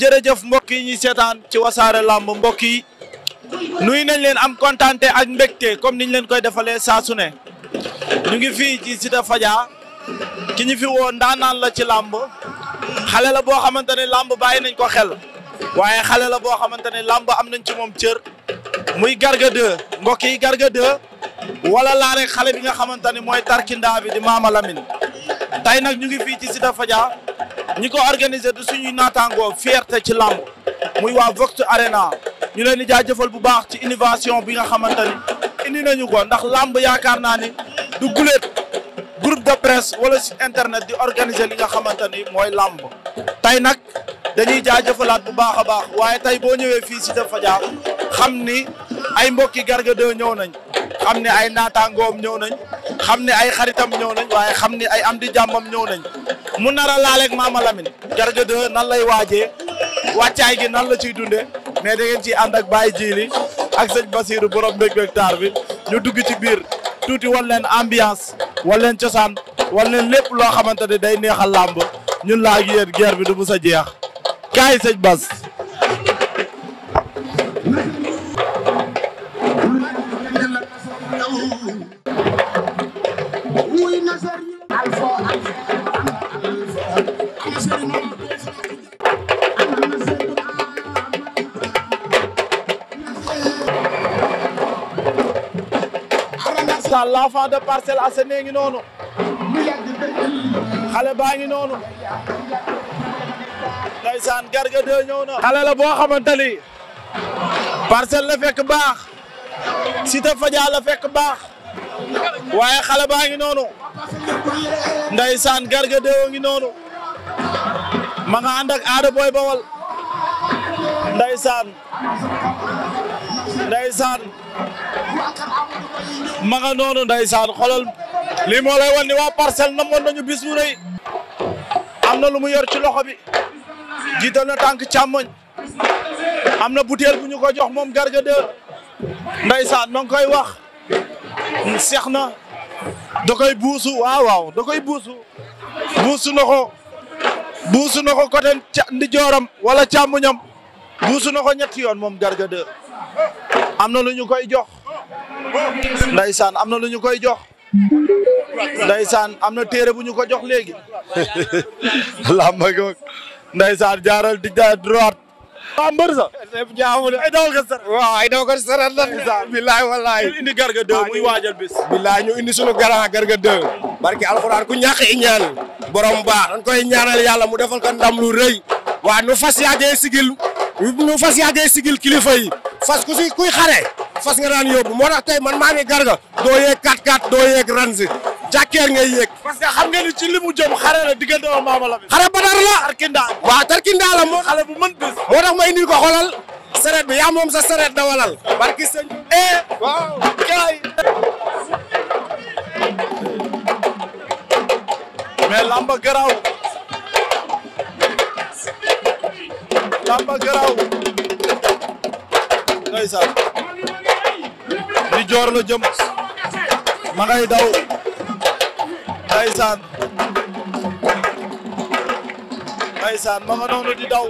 jërëjëf mbokk yi ñuy seetaan ci wasaare làmb mbokk yi nuyu nañ leen am kontaan ak mbégte comme niñ leen koy defalee saa su ne ñu ngi fii ci sita Fadia ki ñu fi woo ndaanaan la ci làmb xale la boo xamante ne làmb bàyyi nañ ko xel waaye xale la boo xamante ne làmb am nañ ci moom cër muy Garga 2 mbokk yi Garga 2 wala laa rek xale bi nga xamante ne mooy tarkindaa bi di Mama Lamine tey nag ñu ngi fii ci Cité Fadia ñi ko organisé du suñuy naataangoo fierté ci làmb muy waa Vox Arena ñu leen di jëfal bu baax ci innovation bi nga xamante ni indi nañu ko ndax làmb yaakaar naa ni du guléet groupe de presse wala site internet di organiser li nga xamante ni mooy làmb tey nag dañuy jëfalaat bu baax a baax waaye tey boo ñëwee fii si dafa xam ni ay mbokki Garga 2 ñëw nañ xam ne ay naataangoom ñëw nañ xam ne ay xaritam ñëw nañ waaye xam ne ay am di jàmbam ñëw nañ mu nar a laaleeg Mama Lamine Garga 2 nan lay waajee wàccaay gi nan la ciy dunde mais da ngeen ciy ànd ak Baye Djili ak sëñ Basiru borom taar bi ñu dugg ci biir tuuti wan leen ambiance wan leen cosaan wan leen lépp loo xamante ne day neexal làmb ñun laa ak yéen guerre bi du mus a jeex kaay sëñ enfant de a Assainies ngi noonu xale baa ngi noonu ndeysaan Garga 2 ñëw na xale la boo xamante ni Parcelles la fekk baax Cité Fadia la fekk baax waaye xale baa ngi noonu ndeysaan Garga 2 ngi noonu ma nga ànd ak Ada Boy Bawal ndeysaan ndeysaan ma nga noonu ndeysaan xoolal lii moo lay wan ni am na lu mu yor ci loxo bi na tànk càmmoñ am na butéel bu ñu ko jox moom Garga 2 ndeysaan ma koy wax seex na da koy buusu waaw waaw da koy buusu buusu na ko buusu na ko côté wala càmmoñam buusu na ko ñetti yoon moom Garga am na lu ñu koy jox ndaysaan am na lu ñu koy jox ndaysaan am na téere bu ñu ko jox léegi lamba goog ndaysaan jaaral di jaay droite waa mbër sa jaamu ay sarat la bilaay walaay indi garga deux muy waajal bis bilaay ñu indi suñu garant garga deux barki alxuraan ku ñàkk i borom baax dañ koy ñaanal yàlla mu defal ko ndam lu rëy waa nu fas yaagee sigil nu fas yaagee sigil kilifa fas ku si kuy xare fas nga daan yóbbu moo tax tey man maa ngi garga doo yeeg 4-4 doo yeeg nga ni ci li mu jëm xare la diggante wa maama la. bu mën bés. moo tax ma indi ko bi yaa moom sa sareet da walal. barki sëñ eh waaw gaay lamba garaaw lamba garaaw ndeysaan di joor la jëm ma daw ndeysaan ndeysaan ma nga noonu di daw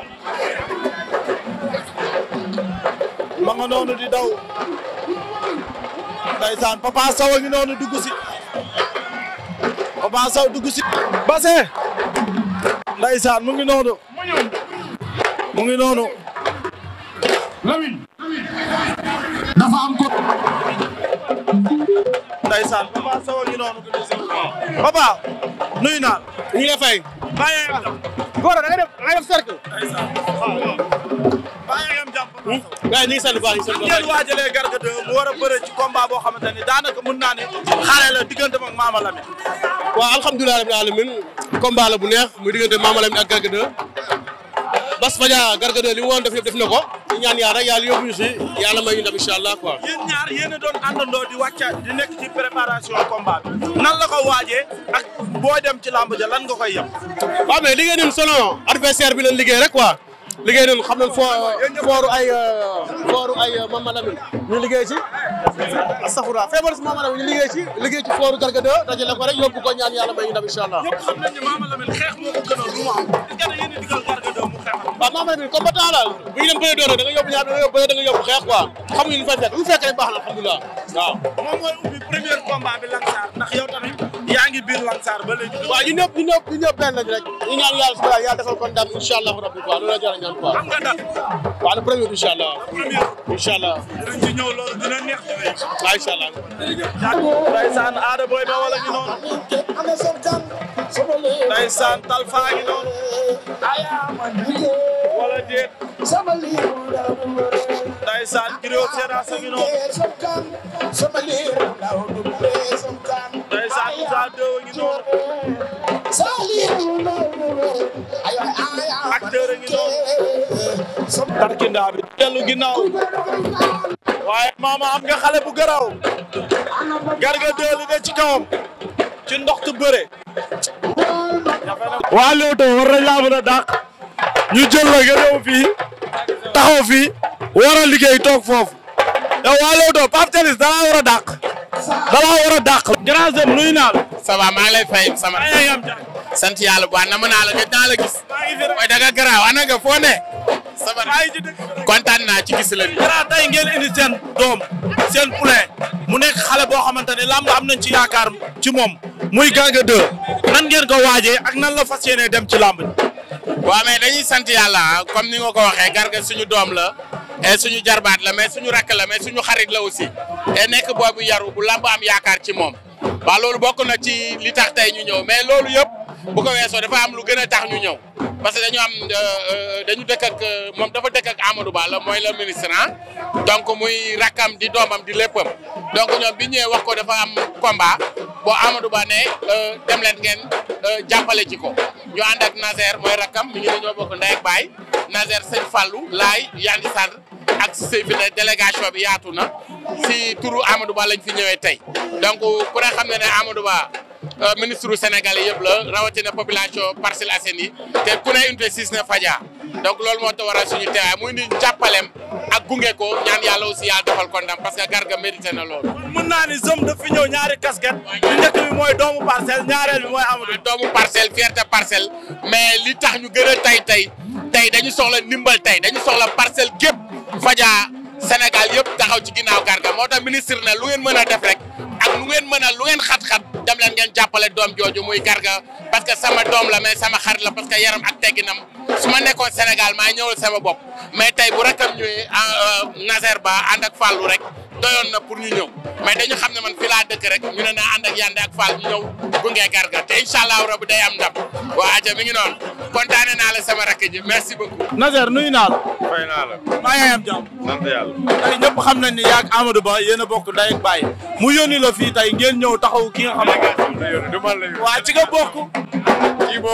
ma nga di daw ndeysaan Papa Sow a ngi noonu dugg si dugg si base ndeysaan mu ngi ndeysaan papa Sow ngi noonu. papa nuyu naa. ñu ngi lay fay. baa yaa ngi am jàmm. Gora da ngay hm? def da ngay def cercle. baa yaa ngi am jàmm. waaye ñu ngi sant bu baax ñu ngi sant bu baax. ngeen waajalee Garga 2 mu war a bëre ci combat boo xamante ne daanaka mun naa ne xaale la diggante moom Mama Lamine. waaw alhamdulilah rabbil alamin combat la bu neex muy diggante Mama Lamine ak Garga 2. Bas Fadia Garga de li mu woon def yëpp def na ko ñu ñaan yàlla rek may ñu ndam incha allah quoi. yéen ñaar yéen a doon di wàcca di nekk ci préparation combat nan la ko waajee boo dem ci làmb ja lan nga koy yem. waaw mais liggéey nañu selon adversaire bi lañ liggéey rek quoi. liggéey noonu xam nañ foo fooru ay euh, fooru ay euh, Mama Lamine ñu liggéey ci astaghfirullah feebar Mama Lamine ñu liggéey ci fooru Garga 2 dajale ko rek yóbbu ko ñaan yàlla may ñu ndam incha allah. waaw maa ma ne combattant la bu ñu dem bëre doole da nga yóbbu ñaar da nga yóbbu bëre da nga yóbbu xeex quoi xam nga ñu fay fekk bu fekkee baax la alhamdulilah waaw moom mooy ubbi premier combat bi Lansar ndax yow tamit yaa ngi biir Lansar ba léegi waaw ñu ñëpp ñu ñëpp ñu ñëpp benn lañ rek ñu ñaan yàlla subala yàlla defal kon dam incha allah rabbi quoi loolu la jar a ñaan quoi waaw le premier incha allah incha allah dinañ ci ñëw loolu dina neex waaw incha allah ndeysaan aada booy ba wala ñu noonu ndeysaan talfa gi noonu wala déet ndeysaan Giro a ngi noonu ndeysaan waaye maama am nga bu garaw Garga 2 ne ci kawam ci ndoxtu bëre waa Leewtoo war nañ laa mën a ñu jël la nga fi taxaw fii war liggéey toog foofu yow waa Leewtoo Pape Thialis dalaa war a dàq dalaa war a dàq grand jeune nuyu naa la ça va maa ngi lay sama sant yàlla bu baax na mën naa la a naa la gis mooy da nga garaaw ana nga foo ne kontaan naa ci gis la ni dara tey ngeen indi seen doom seen poulain mu nekk xale boo xamante ne lamb am nañ ci yaakaar ci moom muy Ganga 2 nan ngeen ko waajee ak nan la fas yéenee dem ci lamb waaw mais dañuy sant yàlla comme ni nga ko waxee Garga suñu doom la et suñu jarbaat la mais suñu rakk la mais suñu xarit la aussi et nekk bu yaru bu làmb am yaakaar ci moom waaw loolu bokk na ci li tax tey ñu ñëw mais loolu yëpp bu ko weesoo dafa am lu gën a tax ñu ñëw parce que dañu am euh, euh, dañu dëkk ak moom dafa dëkk ak Amadou Ba la mooy la ministre ah donc muy rakkam di doomam di léppam donc ñoom bi ñëwee wax ko dafa am combat boo Amadou Ba ne euh, dem ngeen jàppale ci ko ñu ànd ak Nazer mooy rakkam mi ngi dañoo bokk ndey baay Nazer sëñ Fallou Laay Yandi Sadr ak si say fi ne délégation bi yaatu na si turu Amadou Ba lañ fi ñëwee tey donc ku ne xam ne ne Amadou Ba euh, ministre Sénégal yëpp la rawatina population Parcelles Assainies te ku ne unité 6 ne Fadia donc loolu moo tax waral suñu teewaay muy ni jàppaleem ak gunge ko ñaan yàlla aussi yàlla defal ko ndam parce que Garga mérité na loolu. mën naa fi ñëw ñaari casquette. bu njëkk mooy doomu parcelle ñaareel bi mooy Amadou. doomu parcelle fierté parcelle mais li tax ñu gën a tey tey fajaa Sénégal yëpp taxaw ci ginnaaw Garga moo tax ministre na lu ngeen mën a def rek ak lu ngeen mën a lu ngeen xat-xat dem leen ngeen jàppale doom jooju muy Garga parce que sama doom la mais sama xarit la parce que yaram ak tegginam su ma nekkoon Sénégal maa ñëwal sama bopp mais tey bu rakkam ñëwee ah, euh, Nazer Ba ànd ak Fallou rek doyoon na pour ñu ñëw mais dañu xam ne man fi laa dëkk rek ñu ne naa ànd ak Yandé ak Fall gunge Garga te incha allah rabi day am waa aja mi ngi noonu kontaane naa la sama rakk ji merci beaucoup. Nazer nuyu naa la. fay naa la. maa ngi am jàmm. sant yàlla. tey ñëpp xam nañ ni yaa ak Amadou Ba a bokk ndey ak mu yónni la tey ngeen ñëw taxaw ki nga xam ne. du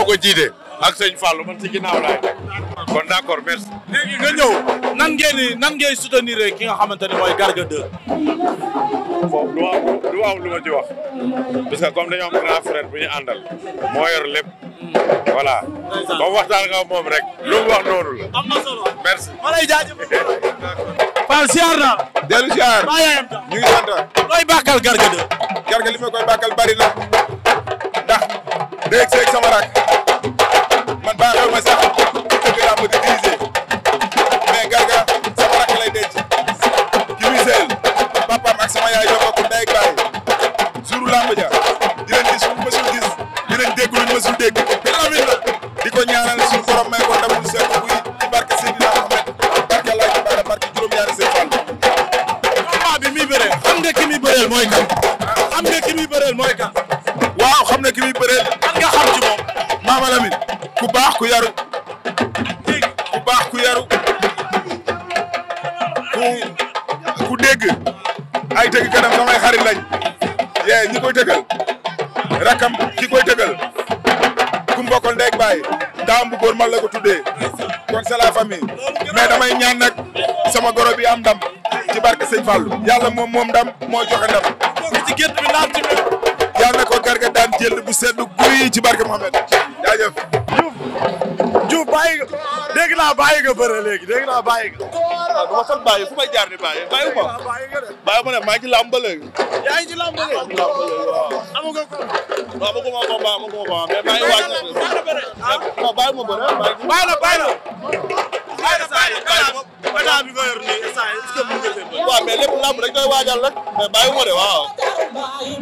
ko jiite. ak sëñ Fallou man si ginnaaw laay nekk kon d' accord merci. léegi nga ñëw nan ngeen di nan ngay soutenir ki nga xamante ne mooy Garga 2. foofu du waaw du waaw lu ma ci wax parce que comme dañoo am grand frère bu ñu àndal moo yor lépp. voilà ba waxtaan nga moom rek lu mu wax noonu la. am na solo merci. ma lay jaajëfal. Pape siyaar naa. dellu siyaar. maa yaayam tam ñu ngi sant. looy bàkkal Garga 2. Garga li ma koy bàkkal bari na ndax. déeg seeg sama rak. ku yaru ku baax ku yaru ku ku dégg ay tëgg kanam samay xarit lañ yee ñi koy tëggal rakam ki koy tëggal ku mbokkal ndeeg baay daam bu góor man la ko tuddee kon c'est la famille mais damay ñaan nag sama goro bi am ndam ci barke Sëñ Fallu yàlla moom moom ndam moo joxe ndam ci gétt bi naan ci yàlla na ko garga daan jël bu sedd guy ci barke Mohamed naa bàyyi nga bëre léegi dégg naa bàyyi nga. waaw du ma sax bàyyi fu may jaar di bàyyi bàyyi ma bàyyi ma ne maa ngi ci làmb ba léegi. yaa ngi ci làmb ba léegi. làmb ba léegi waaw. amagu ko. waaw amagu ma ko mbaa amagu ma ko mais maa ngi waaj na bëre. Ah. bàyyi ma bëre bàyyi na bàyyi na. bàyyi na bàyyi na bàyyi bi nga yor nii instant yii est-ce que mën nga jël. waaw mais lépp làmb dañ koy waajal rek mais bàyyi ma de waaw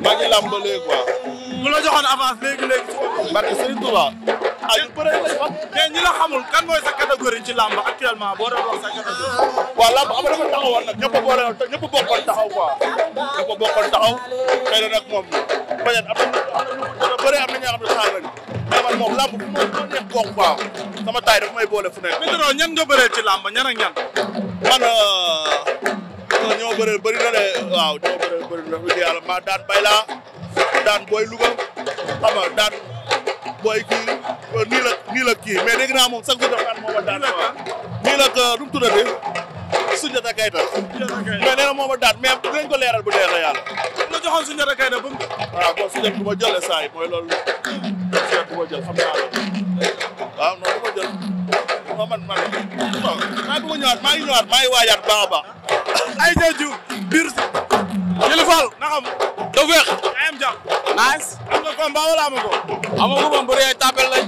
maa ngi làmb ba léegi waaw bu la joxoon avance léegi léegi. barke Serigne Touba. ah ñu bëree mais ñi la xamul kan mooy sa catégorie ci làmb actuellement boo doon wax sa catégorie. na dafa taxawoon nag ñëpp a boole woon ñëpp a bokkoon taxaw quoi. ñëpp a bokkoon taxaw xëy na nag moom peut être am na ñu bëree am na ñoo xam ne sax lañu. mais man moom làmb bi moom moo nekk gox quoi sama taay dafa may ñan nga bëree ci làmb ñan ak ñan. man euh, ñoo bëree bëri na de waaw ñoo bëree bëri na de yàlla maa daan bay daan booy Louga xam daan booy kii euh, nii la nii la kii mais dégg naa moom sax jour daan moo ma daan nii la ko nu mu tuddati Soundiata Keita mais nee na ma daan mais dinañ ko leeral bu leeral yàlla na joxoon Soundiata Keita ba mu waaw bon Soundiata bu ma jëlee saa yi mooy loolu Soundiata bu ma jël xam naa loolu waaw non bu ma jël ma man man non maa ngi ma ñëwaat maa ngi ñëwaat maa a ay jaju biir Jëli Fall na xam dafa jàmm. nice. am nga combat wala amu ko. amagu ma mbër yooyu tàppel lañ.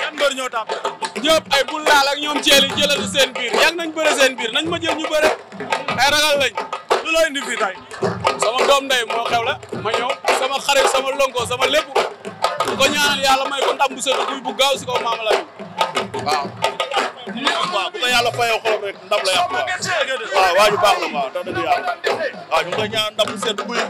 yan mbër ñoo tàppel. ñëpp ay bul laal ak ñoom ceeli jëlali seen biir yàgg nañ bëre seen biir nañ ma jël ñu bëre. ay ragal lañ. lu loo indi fii tey. sama doom ndey moo xew la ma ñëw sama xarit sama lonko sama lépp bu ko ñaanal yàlla may ko ndam bu sëtu kuy bu gaaw si kaw maam la waaw. waaw bu ko yàlla fayoo xolam rek ndam la yàlla waaw waaw waa ju baax la waaw ndax dëgg yàlla waaw ñu ngi koy ñaan ndam bu sëtu kuy.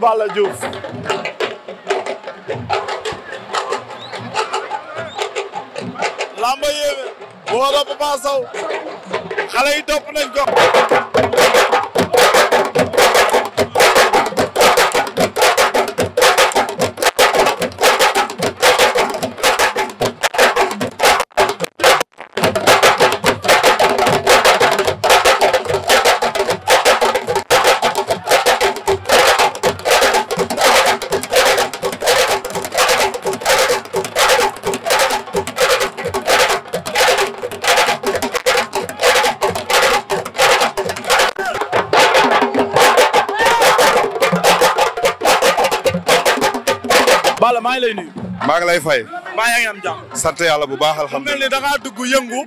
Balla Diouf lamba yéeme wala Papa xale yi topp nañ ko maa ngi lay maa ngi lay fay. maa yaa ngi am jàmm. sant yàlla bu baax alhamdulilah mu mel ni da ngaa yëngu.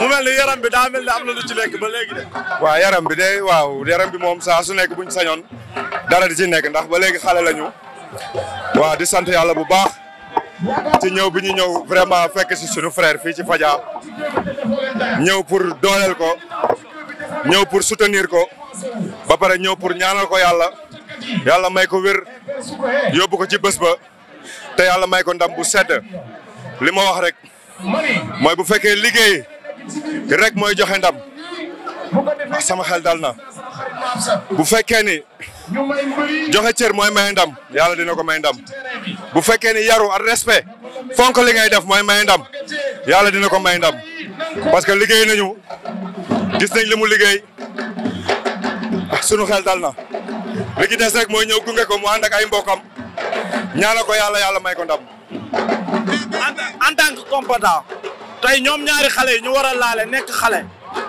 mu mel ni yaram bi daa mel ni am na lu ci lekk ba léegi de. waaw yaram bi de waaw yaram bi moom saa su nekk ñu sañoon dara di ci nekk ndax ba léegi xale lañu. waaw di sant yàlla bu baax. ci ñëw bi ñu ñëw vraiment fekk si suñu frère fii ci Fadia. ñëw pour dooleel ko. ñëw pour sutenir ko. bapare ñëw pour ñaanal ko yàlla. yàlla may ko wér. yóbbu ko ci bés ba. te yàlla may ko ndam bu sedd li ma wax rek mooy bu fekkee liggéey rek mooy joxe ndam sama xel dal na bu fekkee ni joxe cër mooy may ndam yàlla dina ko may ndam bu fekkee ni yaru ak respect fonk li ngay def mooy may ndam yàlla dina ko may ndam parce que liggéey nañu gis nañ li mu liggéey ah, sunu xel dal na li ci des rek mooy ñëw gunge ko mu ànd ak ay mbokam ñaanal ko yàlla yàlla may ko ndam. en tant que combattant tey ñoom ñaari xale yi ñu war a laale nekk xale.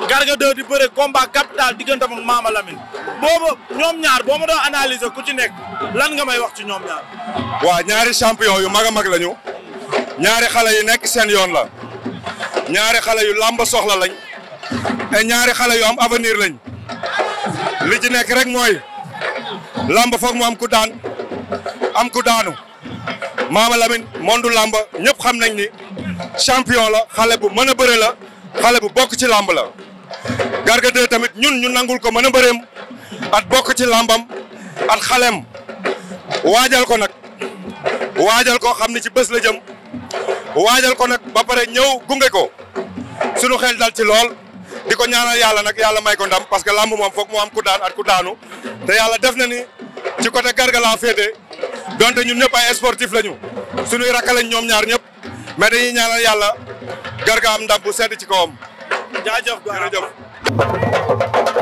Garga 2 di bëre combat capital diggantam ak Mama Lamine boobu ñoom ñaar boo ma doon analyser ku ci nekk lan nga may wax ci ñoom ñaar. waaw ñaari champion yu mag a mag lañu. ñaari xale yu nekk seen yoon la. ñaari xale yu làmb soxla lañ. te ñaari xale yu am avenir lañ. li ci nekk rek mooy. làmb foog mu am ku daan. am ku daanu Mama Lamine mondu làmb ñëpp xam nañ ni champion la xale bu mën a bëre la xale bu bokk ci làmb la. Garga 2 tamit ñun ñu nangul ko mën a bëreem at bokk ci làmbam at xaleem waajal ko nag waajal ko xam ni ci bés la jëm waajal ko nag ba pare ñëw gunge ko sunu xel dal ci lool. di ko ñaanal yàlla nag yàlla may ko ndam parce que làmb moom foog mu am ku daan at ku daanu te yàlla def na ni ci côté Garga laa féete donte ñun ñëpp ay sportif lañu suñuy rakk lañ ñoom ñaar ñëpp mais dañuy ñaanal yàlla Garga am ndam bu sedd ci kawam. jaajëf jërëjëf.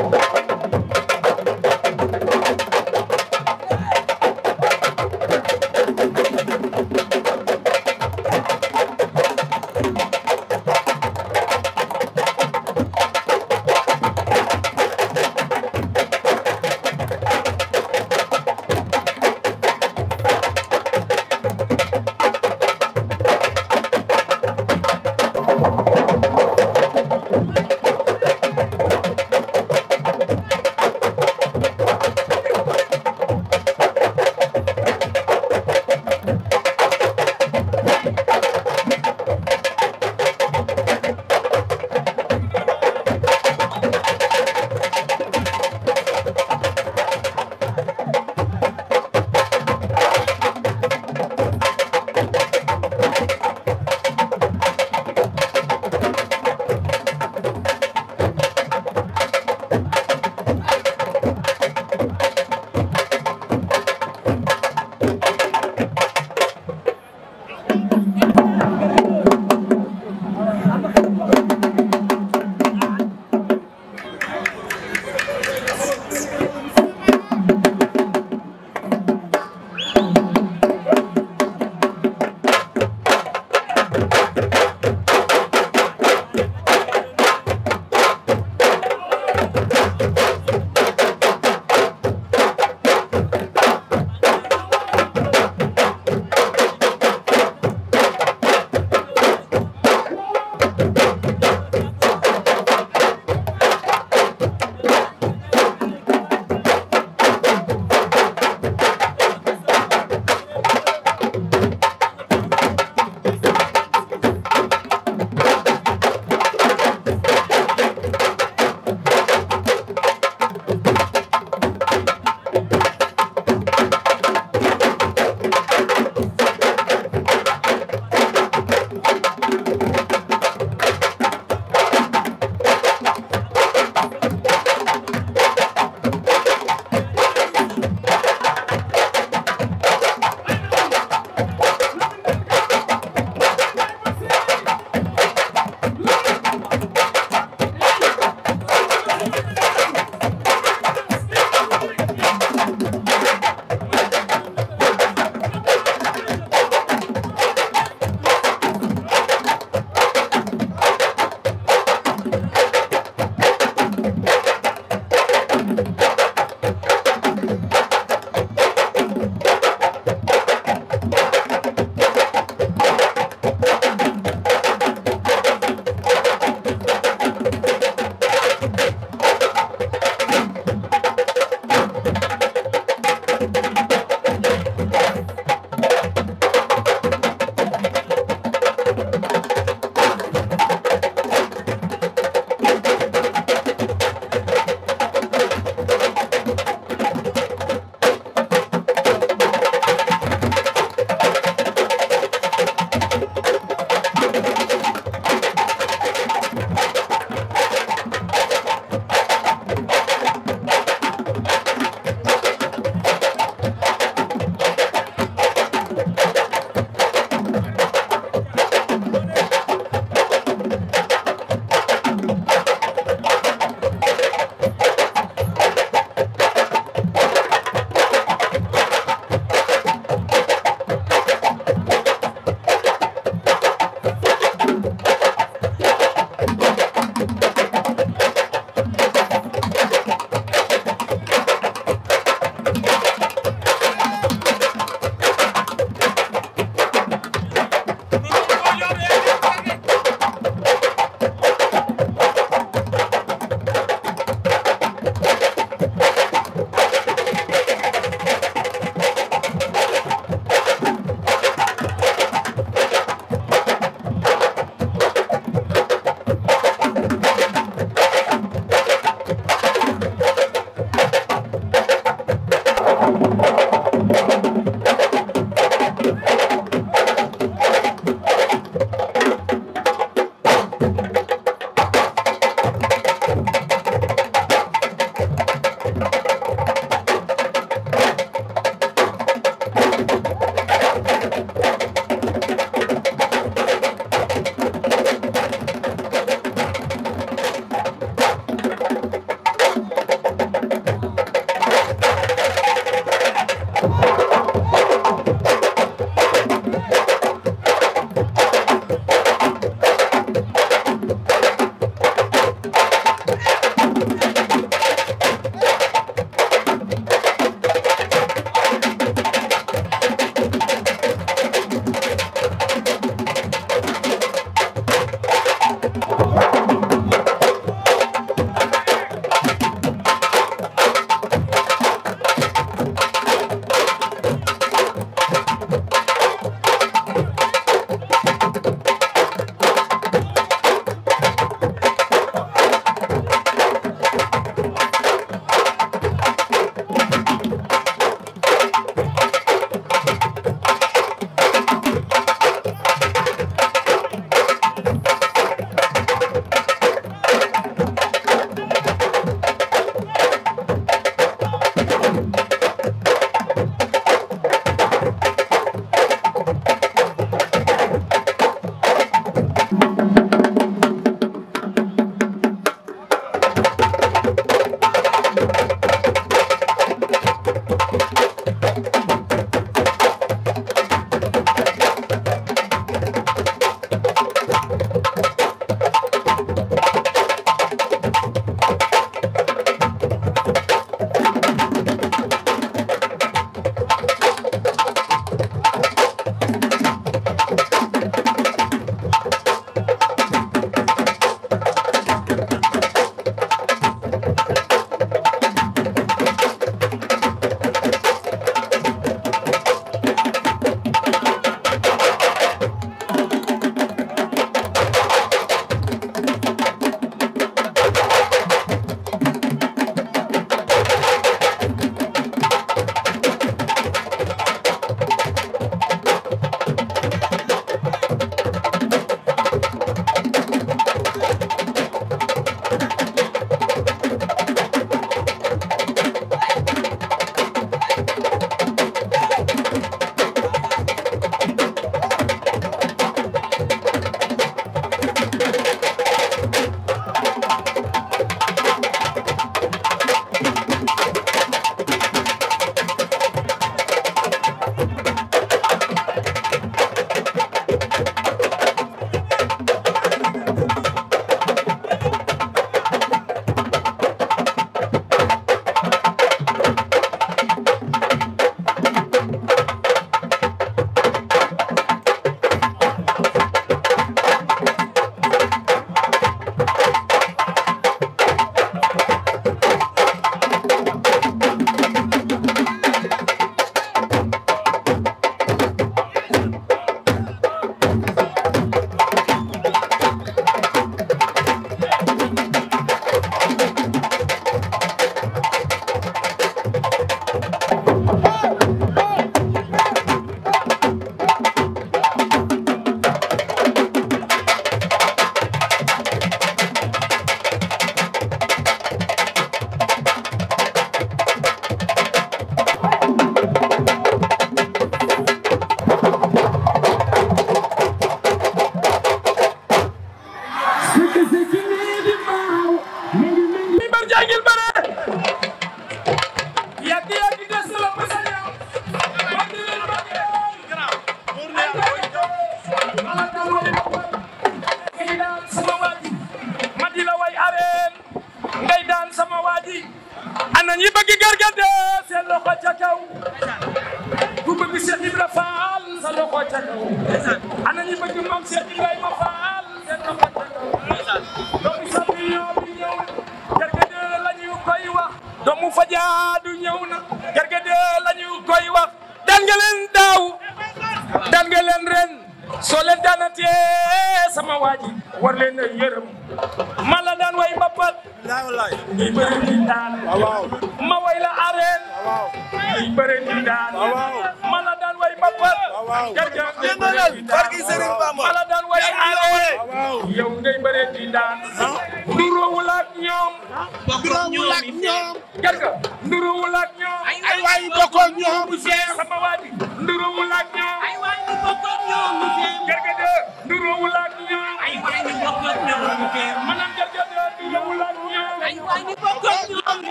bëre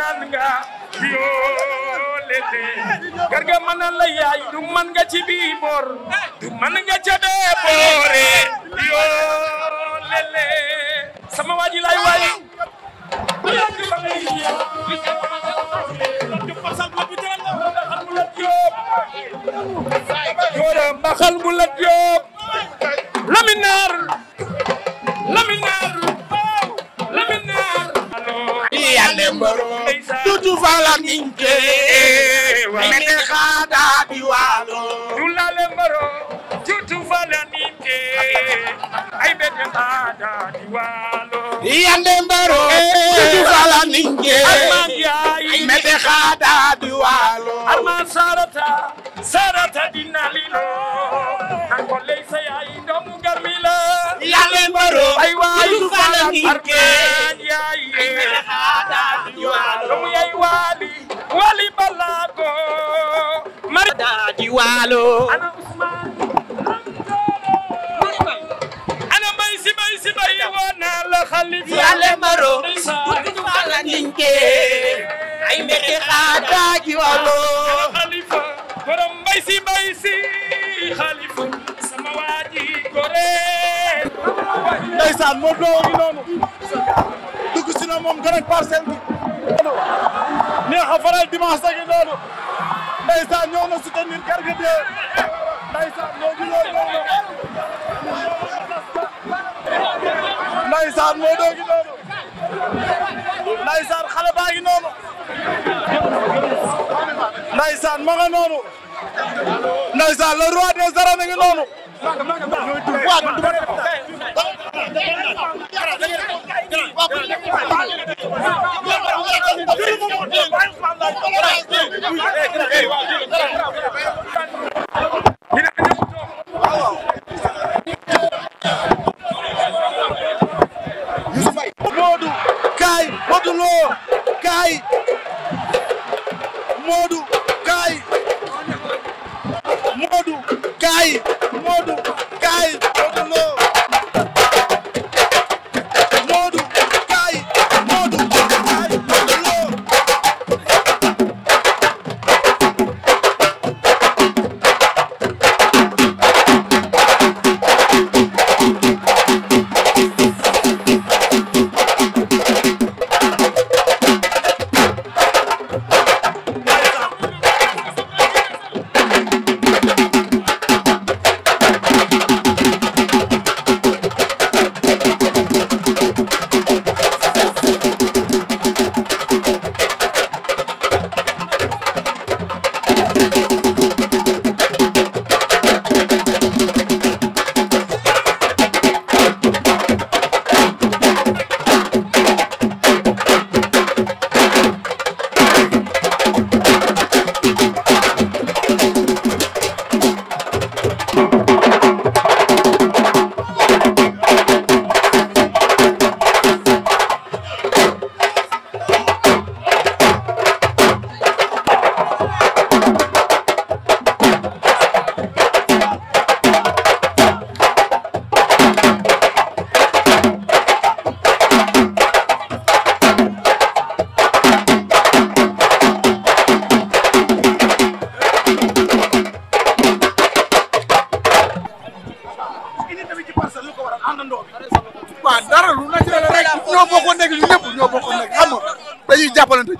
naan nga violete ma manal la yaay du man nga ci bii bor du man nga ca boore ninke ay mbete xaata ji walo xalifa borom mbay si mbay si xalifa sama waaji gore ndeysaan moo doo ngi noonu dugg si na moom a ngi noonu ndeysaan ndaysaan xale baa ngi noonu ndaysaan ma nga noonu noonu Modou kaay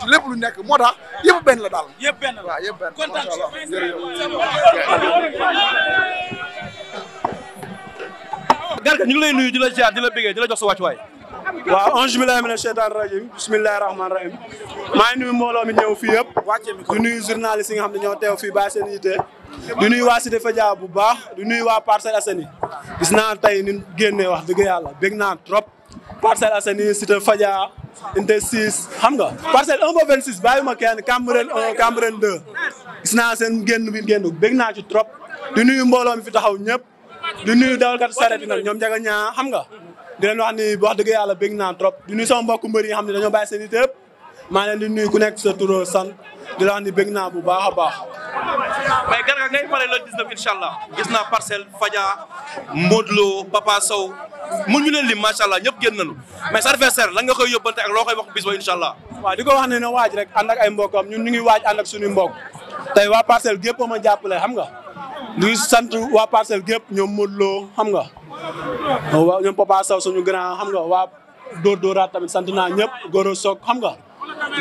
ci lépp lu nekk moo tax benn la daal. yëpp benn la waaw Garga ñu lay nuyu di la ziar di la bëggee di la jox sa wàccuwaay. waaw ange billahi mina sheytaani rajim bismillahi rahmaani rahim maa ngi nuyu mbooloo mi ñëw fii yëpp di nuyu journaliste si nga xam ne ñoo teew fii bàyyi seen yitte di nuy waa Cité Fadia bu baax di nuyu waa Parcelles Assainies gis naa tey ni génnee wax dëgg yàlla bég naa trop Parcelles Assainies Cité Fadia Unité 6 xam nga parcelle 1 ba 26 bàyyi ma kenn Cambérène 1 Cambérène 2 naa seen génn bi génn bég naa ci trop di nuyu mbooloo mi fi taxaw ñëpp di nuyu dawalkat sareet yi nag ñoom njaga ñaa xam nga di leen wax ni wax dëgg yàlla bég naa trop di nuyu sama mbokku mbër yi nga xam ne dañoo bàyyi seen i tépp maa leen di nuyu ku nekk sa tur sant di la wax ni bég naa bu baax a baax mais Garga ngay pare le 19 incha allah gis naa parcelle Fadia Modou Lo Papa Sow mun ñu leen lim macha allah ñëpp génn nañu mais sa adversaire lan nga koy yóbbante ak loo koy wax bis ba incha allah. waaw di ko ne na waaj rek ànd ak ay mbokkam ñun ñu ngi waaj ànd ak suñu mbokk tey waa parcelle gépp ma jàppale xam nga ñu sant waa parcelle gépp ñoom Modou loo xam nga waa ñoom Papa Sow suñu grand xam nga waa Dóor dooraa tamit sant naa ñëpp Goro Sock xam nga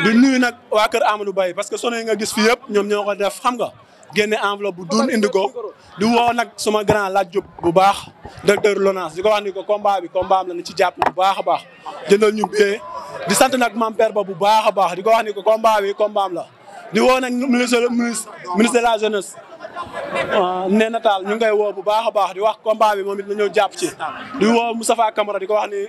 di nuyu nag waa kër Amadou Baye parce que sono yi nga gis fi yëpp ñoom ñoo ko def xam nga génne enveloppe bu duun indi ko di woo nag suma grand laaj Diop bu baax directeur Lonase di ko wax ni ko combat bi combat la na ci jàpp bu baax a baax jëndal ñu di sant nag maam père ba bu baax a baax di ko wax ni ko combat bi la di woo nag ministre ministre de la jeunesse ah, ne nataal ñu ngi koy woo bu baax a baax di wax combat bi moom it na ñëw jàpp ci di woo Moustapha Camara di ko wax ni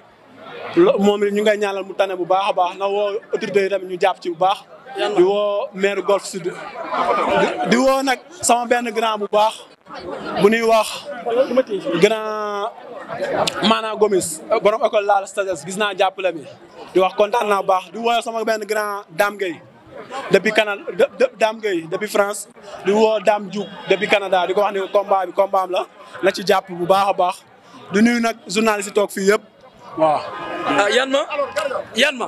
moom it ñu ngay ñaanal mu tane bu baax a baax na woo autorité tamit ñu jàpp ci bu baax di woo maire Golf Sud di woo nag sama benn grand bu baax bu ñuy wax grand maanaam Gomis borom école laal stages gis naa jàppale mi di wax kontaan na bu baax di woo sama benn grand Dame Gueye depuis Canada Dame France di woo Dame Diouf depuis Canada di ko wax ne combat bi combat am la na ci jàpp bu baax a baax di nuyu nag journaliste si toog fii yëpp waaw. Ah, yan ma.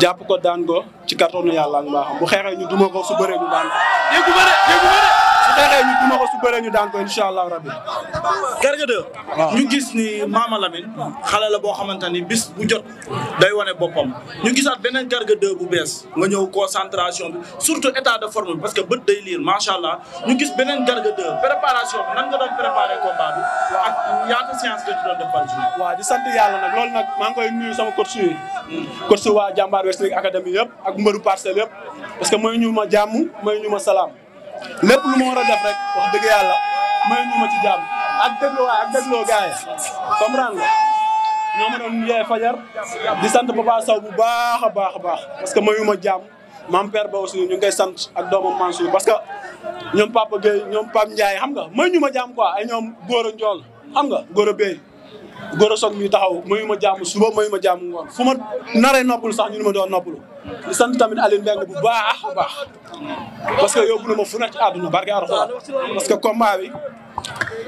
jàpp ko daan ko ci kattanu yàlla ak mbaaxam bu xeexee ñu duma ko su bëree ñu daan ko. xeexee ñu duma ko su bëree ñu daan ko incha allah rabbi. Garga de waaw ñu gis ni Mama Lamine xale la boo xamante ni bis bu jot day wane boppam ñu gisaat beneen Garga de bu bees nga ñëw concentration bi surtout état de forme bi parce que bët day liir macha allah ñu gis beneen Garga 2 préparation nan nga doon préparé combat bi ak yaata séance nga ci doon par jour. waaw di sant yàlla nag lool nag maa ngi koy nuyu sama coach yi. Hmm. coach waa Jàmbaar Wrestling Academy yëpp ak mbëru parcelle yëpp parce que mooy ñu ma jàmm mooy ñu ma salaam. lépp lu ma war a def rek wax dëgg yàlla may ñu ma ci jàmm ak dégluwaay ak dégloo gars yi comprendre nga ñoo ma doon yee fajar di sant Papa Sow bu baax a baax a baax parce que mayu ma jàmm maam per ba aussi ñu ngi koy sant ak doomam Mansour parce que ñoom Papa Gueye ñoom Pape Ndiaye xam ga may ñu ma jàmm quoi ay ñoom góor a njool xam nga góor a béy Gora Sock mi taxaw mayu ma jàmm suba mayu ma jàmm ngoon fu ma naree noppalu sax ñu nu ma doon noppalu di sant tamit Alioune Mbengue bu baax a baax parce que yóbbu na ma fu nekk ci àdduna barke Alxuraan parce que combat bi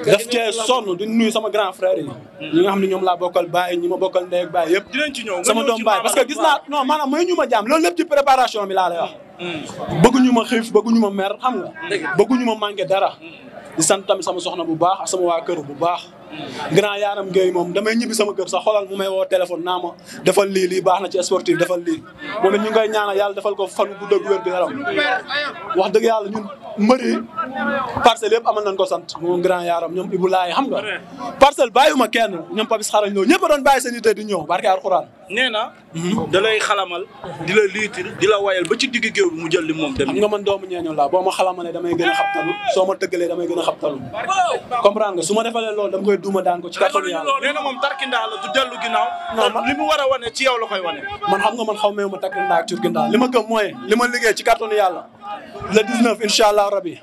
daf cee sonn di nuyu sama grand frère yi ñi nga xam ne ñoom laa bokkal baay ñi ma bokkal ndey ak baay yëpp dinañ ci ñëw sama doom baay parce que gis naa non maanaam may ñu ma jàmm loolu lépp ci préparation bi laa lay wax hmm. bëgguñu ma xiif bëgguñu ma mer xam nga bëgguñu ma manqué dara di sant sama soxna bu baax ak sama waa kër bu baax grand yaaram Guèye moom damay ñibbi sama kër sax xoolal mu may woo téléphone naa ma defal lii lii baax na ci sportif defal lii moom it ñu ngi koy ko fan bu dëgg wér bi yaram wax dëgg yàlla ñun mbëri parcelle yëpp amal nañ ko sant moom grand yaaram kenn ñoom Papis xarañ ñëw ñëpp a doon bàyyi seen di ñëw barke alxuraan nee na da xalamal di la liitir di la wayal ba ci digg géew mu jël li moom dem xam nga man doomu ñeeño laa boo ma xalamalee damay gën a xabtalu soo ma tëggalee damay gën a xabtalu comprendre nga su ma defalee loolu koy daan ko ci kattanu yàlla nee na moom tarkindaa la du dellu ginnaaw li mu war a wane ci yow la koy wane man xam nga man xaw meew ma tarkindaa ak turkindaa li ma gëm mooy li ma liggéey ci kattanu yàlla le 19 incha allah rabi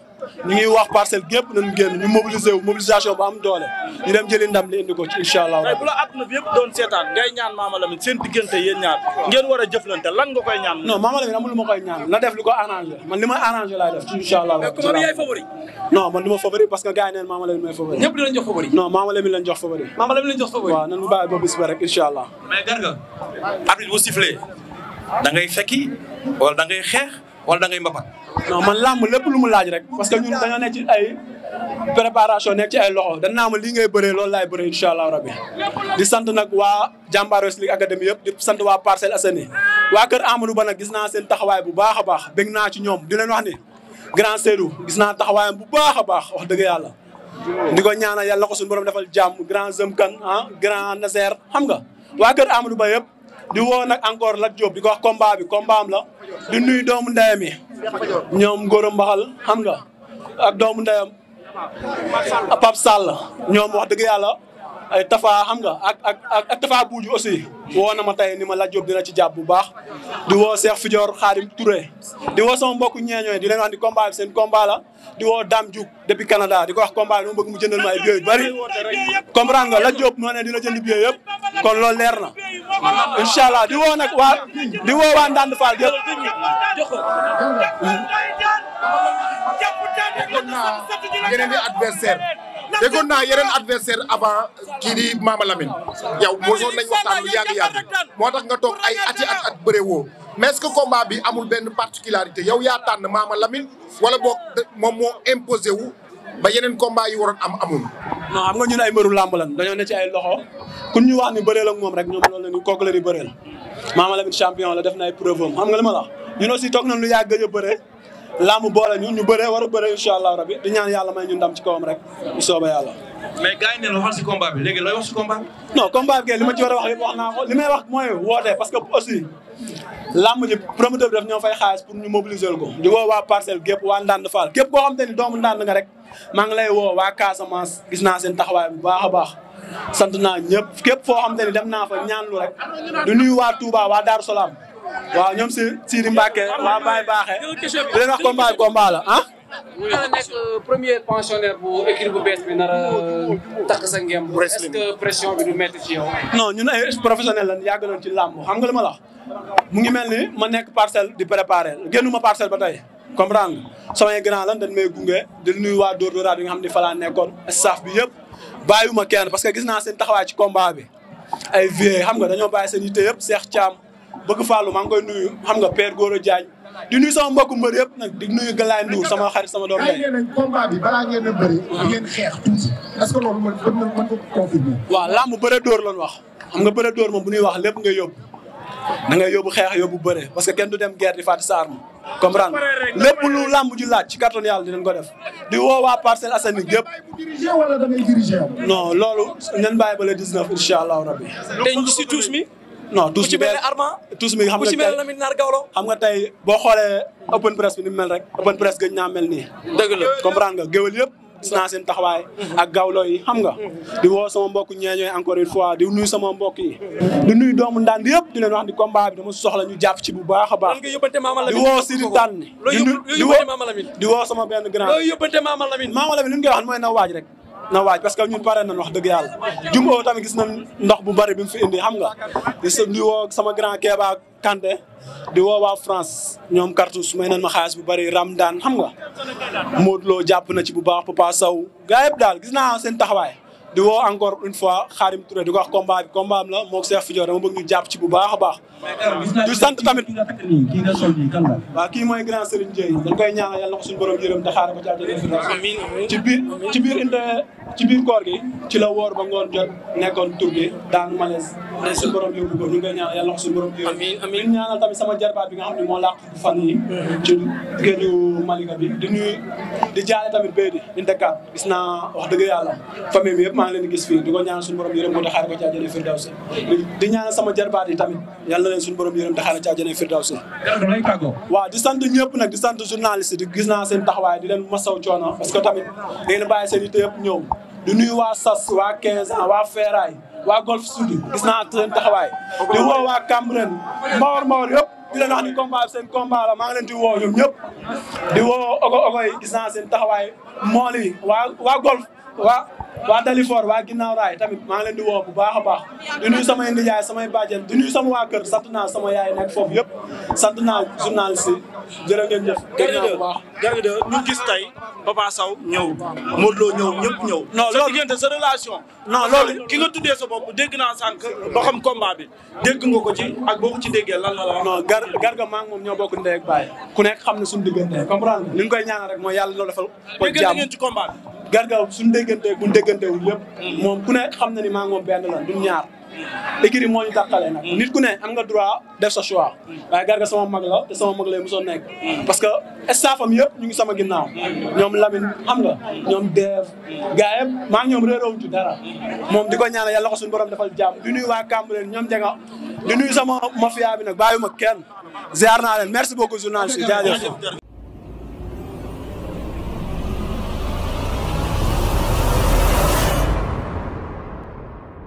ñu ngi wax parcelle gépp nañu génn ñu mobiliser mobilisation bu am doole ñu dem jëli li indi ko ci incha allah. tey doon seetaan ngay ñaan Mama Lamine seen diggante yéen ñaar ngeen war a jëflante ñaan. non Mama Lamine amul lu ma koy ñaan na def lu ko man li may arrangé def ci man du ma parce que gars yi neen Mama Lamine may favori. ñëpp dinañ jox favori. non Mama Lamine lañ jox favori. jox favori. waaw nan ba bis wala da ngay mbapat. non man làmb lépp lu mu laaj rek parce que ñun dañoo nekk ci ay préparation nekk ci ay loxo dañ naa ma lii ngay bëree loolu laay bëree incha allah rabi di sant nag waa jàmbaar Wrestling Academy yëpp di sant waa Parcelles Assainies waa kër Amadou Ba nag gis naa seen taxawaay bu baax a baax bégg naa ci ñoom di leen wax ni grand Seydou gis naa taxawaayam bu baax a baax wax dëgg yàlla. di ko ñaanal yàlla ko suñu borom defal jàmm grand Zemkan ah grand Nazer xam nga waa kër Amadou Ba yëpp. di woo nag encore Lat Diop di ko wax bi combat la di nuyu doomu ndeyam yi ñoom Gora Mbaxal xam nga ak doomu ndeyam Pape Sall ñoom wax dëgg yàlla ay Tafa xam nga ak ak ak Tafa woo na ma tey ni ma la Diop dina ci jàpp bu baax di woo Cheikh Fidior Khadim Touré di woo sama mbokku ñeeñooy di leen wax ni combat bi seen combat la di woo Dame Diouf depuis Canada di ko wax combat bi mu jëndal ma ay billets yu bëri comprendre nga Lat dina jënd billets yëpp kon loolu leer na incha di woo nag waa di woo waa Ndande Fall adversaire déggoon naa yeneen adversaire avant kii di Mama Lamine yow mosoon nañ waxtaan lu yàgg-yàgg moo tax nga toog ay ati at at bëree woo mais est-ce que combat bi amul benn particularité yow yaa tànn Mama Lamine wala boo moom moo imposé wu ba yeneen combat yi waroon am amul. non xam nga ñun ay mbëru làmb lan dañoo ne ci ay loxo ku ñu wax ni bëreel ak moom rek ñoom loolu la ñu kooku la di bëreel Mama champion la def na ay preuve am nga li ma la wax ñun aussi toog nañ lu yàgg a bëre laamu boole ñu ñu bëree war a bëree incha allah rabi di ñaan yàlla may ñu ndam ci kawam rek bu soobee yàlla. mais gars yi la waxal si combat bi léegi looy wax si combat bi. non combat bi ci a wax yëpp wax naa ko li may wax mooy woote parce que aussi làmb ji promoteur bi daf ñoo fay xaalis pour ñu mobiliser ko. di woo waa parcelle gépp waa Ndande Fall gépp koo xam te ni doomu Ndande nga rek maa ngi lay woo waa Casamance gis naa seen taxawaay bu baax a baax. sant naa ñëpp képp foo xam te ni dem naa fa ñaan lu rek du nuyu waa Touba waa Darou Salaam waaw ñoom si Sidi Mbacke waa Baye Baaxe. di leen wax combat bi ah. oui nga nekk euh, premier pensionnaire bu équipe bu bees bi nar a euh, takk sa ngem. est-ce que pression bi du métti ci yow. non ñun professionnel lan yàgg nañ ci làmb xam nga ma la mu ngi mel ni ma nekk parcelle di préparé ma parcelle ba tey. comprendre nga samay grand lan dañ may gunge di nuyu waa Dóor Dóoraat yi nga xam ne fa nekkoon staff bi yëpp bàyyiwuma kenn parce que gis naa seen taxawaay ci combat bi. ay vieux xam nga dañoo bàyyi seen yitte yëpp Cheikh Thiam bëgg Fallou maa ngi koy nuyu xam nga père Gora Diagne di nuyu sama mbokku mbër yëpp nag di nuyu Galaye Ndour sama xarit sama doom day ngeen combat bi a bëri ngeen xeex loolu wax xam nga bëre dóor moom bu ñuy wax lépp nga yóbbu da ngay yóbbu xeex yóbbu bëre parce que kenn du dem guerre di fàtte sa arme comprendre lépp lu làmb ji laaj ci kàttanu yàlla dinañ ko def di woo waa Parcelles Assainies yëpp non loolu nañ bàyyi ba le 19 incha allahu rabbi te ñu si tuus mi non tous ci mel ne Arma tous mi xam nga ci mel ne tey boo xoolee open press ni mel rek open press gëj naa mel nii dëgg la comprendre nga géwél yëpp gis naa seen taxawaay ak gawlo yi xam nga di woo sama mbokk ñeeñooy encore une fois di nuyu sama mbokk yi di nuyu doomu ndànd yëpp di leen wax ni combat bi dama soxla ñu jàpp ci bu baax a baax di woo Sidi Tane di woo a benn grand looy yóbbante Mama Lamine Mama Lamine li ñu na waaj rek na waaj parce que ñun pare nañ wax dëgg yàlla jumbo tamit gis na ndox bu bari bi mu fi indi xam nga di woo sama grand Kéba Kanté di woo waa France ñoom Cartouche ma nañ ma xaalis bu bari daan xam nga Modou Lo jàpp na ci bu baax Papa saw gaa yëpp daal gis naa seen taxawaay di woo encore une fois Xaarim Touré di ko wax combat bi combat am la moo ko Cheikh Fidio bëgg ñu jàpp ci bu baax a baax du sant tamit kii nga sol nii kan la waaw kii mooy grand Serigne Ndiaye dañ na ko suñu borom yërëm te xaar ko ci àjjana ci biir koor gi ci woor ba ngoon jot nekkoon turbi daan malaise suñu borom yóbbu ko ñu ngi na ko suñu borom yërëm ñu ñaanal tamit sama jarbaat bi mm-hmm. bi di nuyu di jaale tamit béy di inte kat gis naa wax dëgg yàlla famille bi yëpp maa ngi leen di gis fii di ko ñaanal suñu borom yërëm ko te xaar ko ci àjjana firdawsi di ñaanal sama jarbaat yi tamit yàlla leen suñu borom yërëm taxaare ci àjjana firdawsi waaw di sant ñëpp nag di sant journaliste di gis naa seen di leen masaw coono parce que tamit di gis naa seen di woo waa Cambérène Mbawar Mbawar yëpp di leen wax ni combat seen combat la di woo ñëpp di woo ogo ogo gis naa seen taxawaay waa golf waa waa Dalifort waa ginnaaw raay tamit maa leen di woo bu baax a baax di nuyu samay nijaay samay bàjjen di nuyu sama waa kër sant naa sama yaay nekk foofu yëpp sant naa journaliste yi jërë ngeen jëf. jërëjëf jërëjëf ñu gis tey Papa Sow ñëw Modou Lo ñëw ñëpp ñëw. non loolu sa diggante sa relation. non loolu ki nga tuddee sa bopp dégg naa sànq ba xam combat bi dégg nga ko ci ak boo ko ci déggee lan la la. non gar garga maa ngi moom ñoo bokk ndey ak baay ku nekk xam ne suñu diggante comprendre nga li ñu koy ñaanal rek mooy yàlla loolu defal. ko jàmm ngeen ci combat gargaaw suñu déggantee buñ déggantewul lépp moom ku xam na ni maa moom benn la duñ ñaar écurie moo ñu tàqale nag nit ku ne am nga droit def sa choix waaye garga sama mag la te sama mag lay mosoon nekk parce que staffam yëpp ñu ngi sama ginnaaw ñoom Lamine am nga ñoom Dev gars yëpp maa ngi ñoom réeroowuñ ci dara moom di ko ñaanal yàlla ko suñu borom defal jàmm di nuyu waa Cambérène ñoom jega di nuyu sama mafia bi nag bàyyi ma kenn ziar naa leen merci beaucoup journaliste jaajëf